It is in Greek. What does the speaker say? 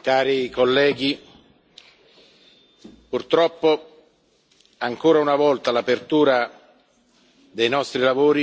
cari colleghi purtroppo ancora una volta l'apertura dei nostri lavori